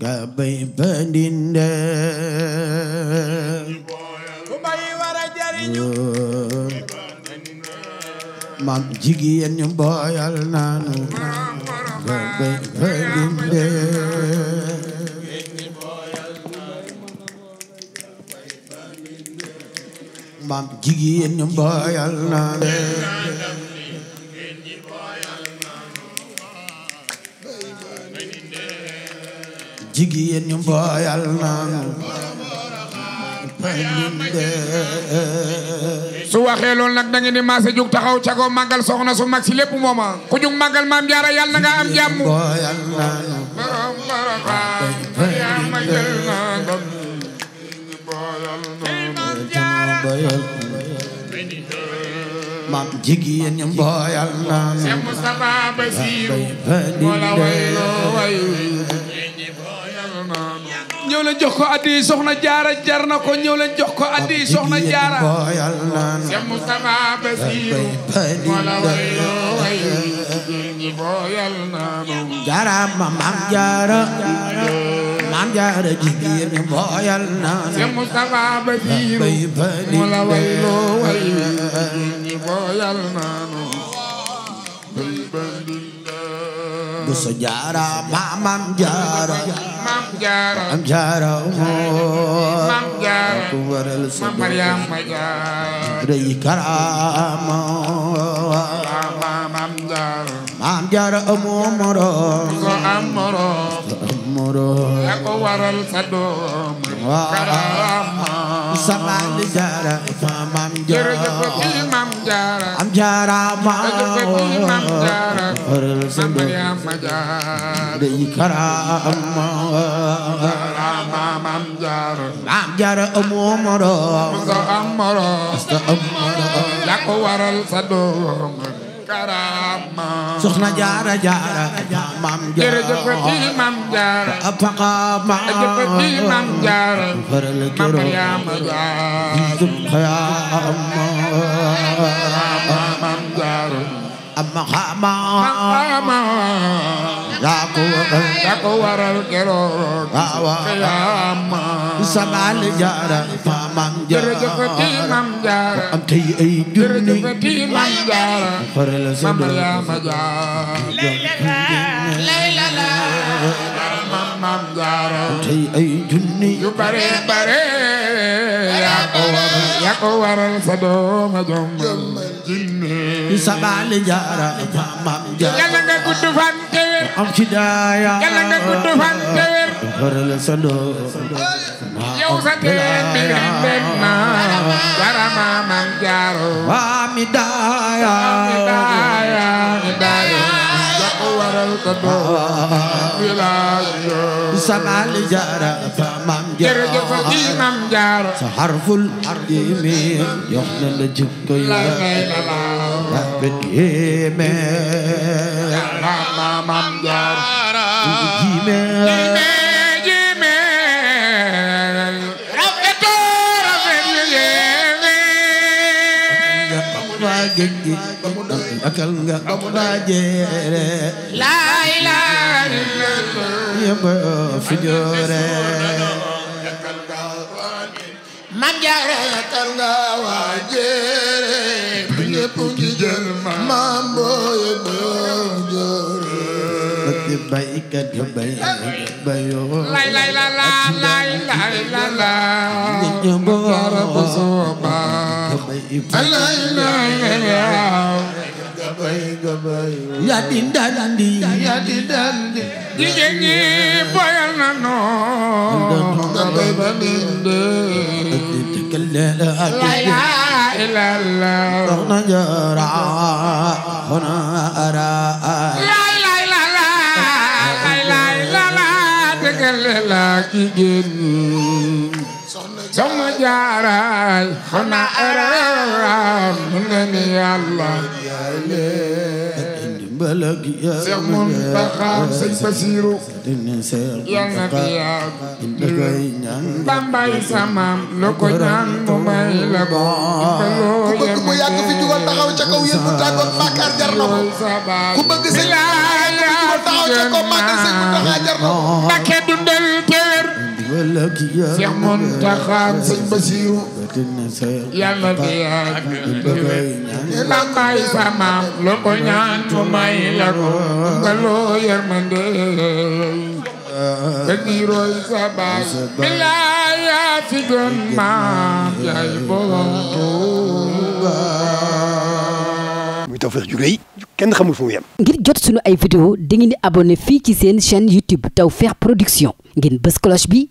gabay bandinde ku bayi wara jariñu mam jigéen ñu boyal nanu gabay bandinde mam jigéen ñu boyal nanu jigéen ñu booyal naan su waxee loolu nag da ngeen di maase jug taxaw cagoo màggal soxna su mag si lépp mooma ku jug maam jaara yàlla na am jàmm booyal naan booyal naan Seex Mustafa Basiru moo wayloo wayu ñëw leen jox ko addi soxna jaara jar ko ñëw leen jox ko addi soxna jaara ya Mustafa Basiru wala wayo wayo ñi boyal nañu jaara ma maam jaara maam jaara jigéen ñi boyal nañu so jaara maam jaara maam jaara maam jaara maam jaara ku waral so maryam jaara rey karama maam jaara maam jaara amu morom so am morom ya ko waral sa doom karama sama jaara maam jaara am jaara la ko waral karama soxna jaara jaara mam jaara mam jaara apaka ma mam jaara faral kero mam jaara amma khama yaa ko waral keroon xiyaama sa maal jaara fa maam jaara jërëjëfati maam jaara am tey ay junni jërëjëfati maam jaara faral sa maam jaara layla la maam jaara am tey ay junni yu bare bare yaa ko waral yaa ko waral sa dooma jom jinni sa maal jaara fa maam jaara yàlla nga gudd fan am ci daaya yàlla nga gudd fan te wér xëral sa doo yow sa teen bi rembet na warama man jaaro waa mi daaya mi daaya mi daaya yàqu waral ko doo mi laaya sama li jaara fa mam jaaro jërëjëf ci mam jaaro sa harful ardimi yox na la jikko ya la bet yéeme maam jaara jiime akal nga baajere la ilaha illallah yamba fijore manjara akal nga waajere bi ñepp ngi jël mambo yebo لبيك لبيك بيو لا لا لا لا لا لا لا جبار بصوبا لا لا لا لا يا دين داندي يا دين داندي ديجي بويا نانو لا لا لا لا لا jigéen soxna jaaraay xanaa araam mu nga ni yàlla balak yaa seex moom taxaw sëñ Basiru yal na fi yàgg bambay samaam lu ko ñaan mu may la ko ku bëgg mu yàgg fi jugal taxaw ca kaw yéen mu tàggoon bàkkaar jar na ko ku bëgg sëñ mu taxaw ca kaw màggal sëñ mu taxaw jar na ko Cheikh Mountakha Sëñ Basiru yàlla na fi yàgg la bàyyi sa maam loo ko ñaan mu may la ko nga loo yërmande Basiroy sa baay bilaa yaa fi gën maam yaay muy Tawfekh ju rëy kenn xamul fu mu yem ngir jot sunu ay vidéo dangeen di abonné fii ci seen chaîne YouTube Tawfekh Production ngeen bës cloche bi